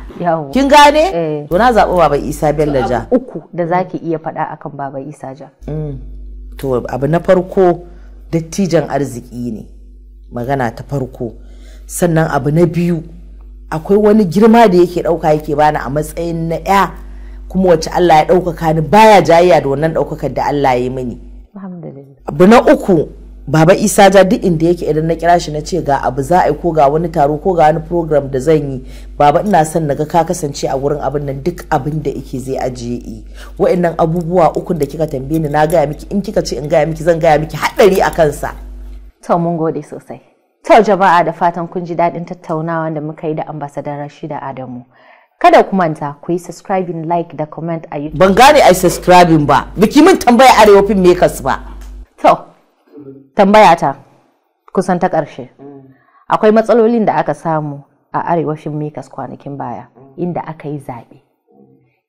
kin gane eh. to na zaɓi baba isa bello ja uku da zaki iya faɗa akan baba isa ja mm. to abu na farko dattijan arziki ne magana ta farko sannan abu na biyu akwai wani girma da yake ɗauka yake bani a matsayin na ya kuma wacce Allah ya ɗaukaka ni baya jayya da wannan ɗaukakar da Allah ya yi mini abu na uku baba isa ja duk inda yake idan na kira shi na ce ga abu za a yi ko ga wani taro ko ga wani program da zan yi baba ina son naga ka kasance a wurin abin nan duk abin da yake zai ajiye yi wa'annan abubuwa uku da kika tambaye ni na gaya miki in kika ce in gaya miki zan gaya miki haɗari a kansa to mun gode sosai to jama'a da fatan kun ji daɗin tattaunawa da muka yi da ambasadar rashida adamu Kada ku manta ku yi subscribing like da comment a YouTube. Ban gane ai subscribing ba. Biki mun tambaya Arewa Film Makers ba. To, tambaya ta kusan ta ƙarshe. Akwai matsalolin da aka samu a Arewa Film Makers kwanakin baya inda aka yi zaɓe.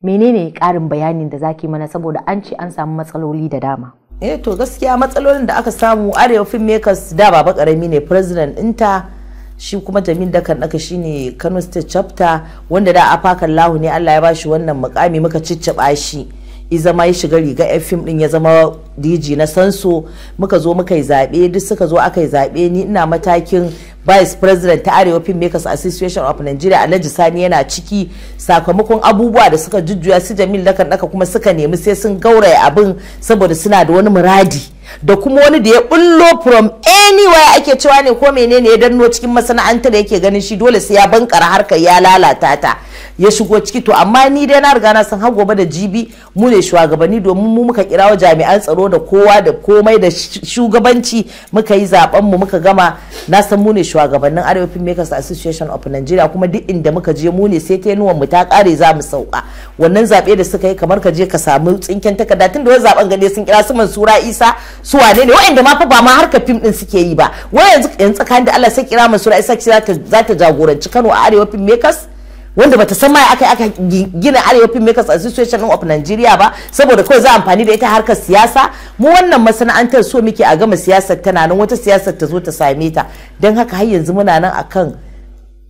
Menene ƙarin bayanin da zaki mana saboda an ce an samu matsaloli da dama. eh to gaskiya matsalolin da aka samu arewa makers da baba karami ne president ɗinta shi kuma jamil da kan ne kano state chapter wanda da afakan lahu ne allah ya bashi wannan mukami muka ciccaba shi izama ya shiga riga yan fim din ya zama dg na sanso muka zo muka yi zaɓe duk suka zo aka yi zaɓe ni ina matakin vice president ta arewa film makers association of nigeria alhaji sani yana ciki sakamakon abubuwa da suka jujjuya su jamil da kan kuma suka nemi sai sun gauraya abin saboda suna da wani muradi da kuma wani da ya bullo from anywhere ake cewa ne ko menene ya danno cikin masana'antar yake ganin shi dole sai ya bankara harka ya lalata ta ya shigo ciki to amma ni dai na riga na san har gobe da jibi mu ne shugabanni domin mu muka kirawo jami'an tsaro da kowa da komai da shugabanci muka yi zaben mu muka gama na san mu ne shugabannin Arewa Filmmakers Association of Nigeria kuma duk inda muka je mu ne sai tenuwan mu ta kare za mu sauka wannan zabe da suka yi kamar ka je ka samu tsinken takarda tun da wani zaben gane sun kira su Mansura Isa su wane ne waɗanda ma fa ba ma harkar fim din suke yi ba wai yanzu yanzu tsakanin da Allah sai kira mu sura isa za ta za ta jagoranci Kano a Arewa Film Makers wanda bata san ma aka aka gina Arewa Film Makers Association of Nigeria ba saboda kawai za amfani da ita harkar siyasa mu wannan masana'antar so muke a gama siyasar tana nan wata siyasar ta zo ta same ta don haka har yanzu muna nan akan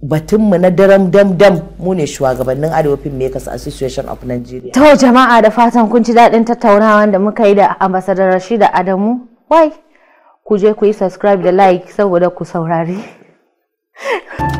batunmu na daram dam dam mu ne shugabannin arewa makers association of nigeria to jama'a da fatan kun ci daɗin tattaunawa da muka yi da ambassador rashida adamu wai ku je ku yi subscribe da like saboda ku saurari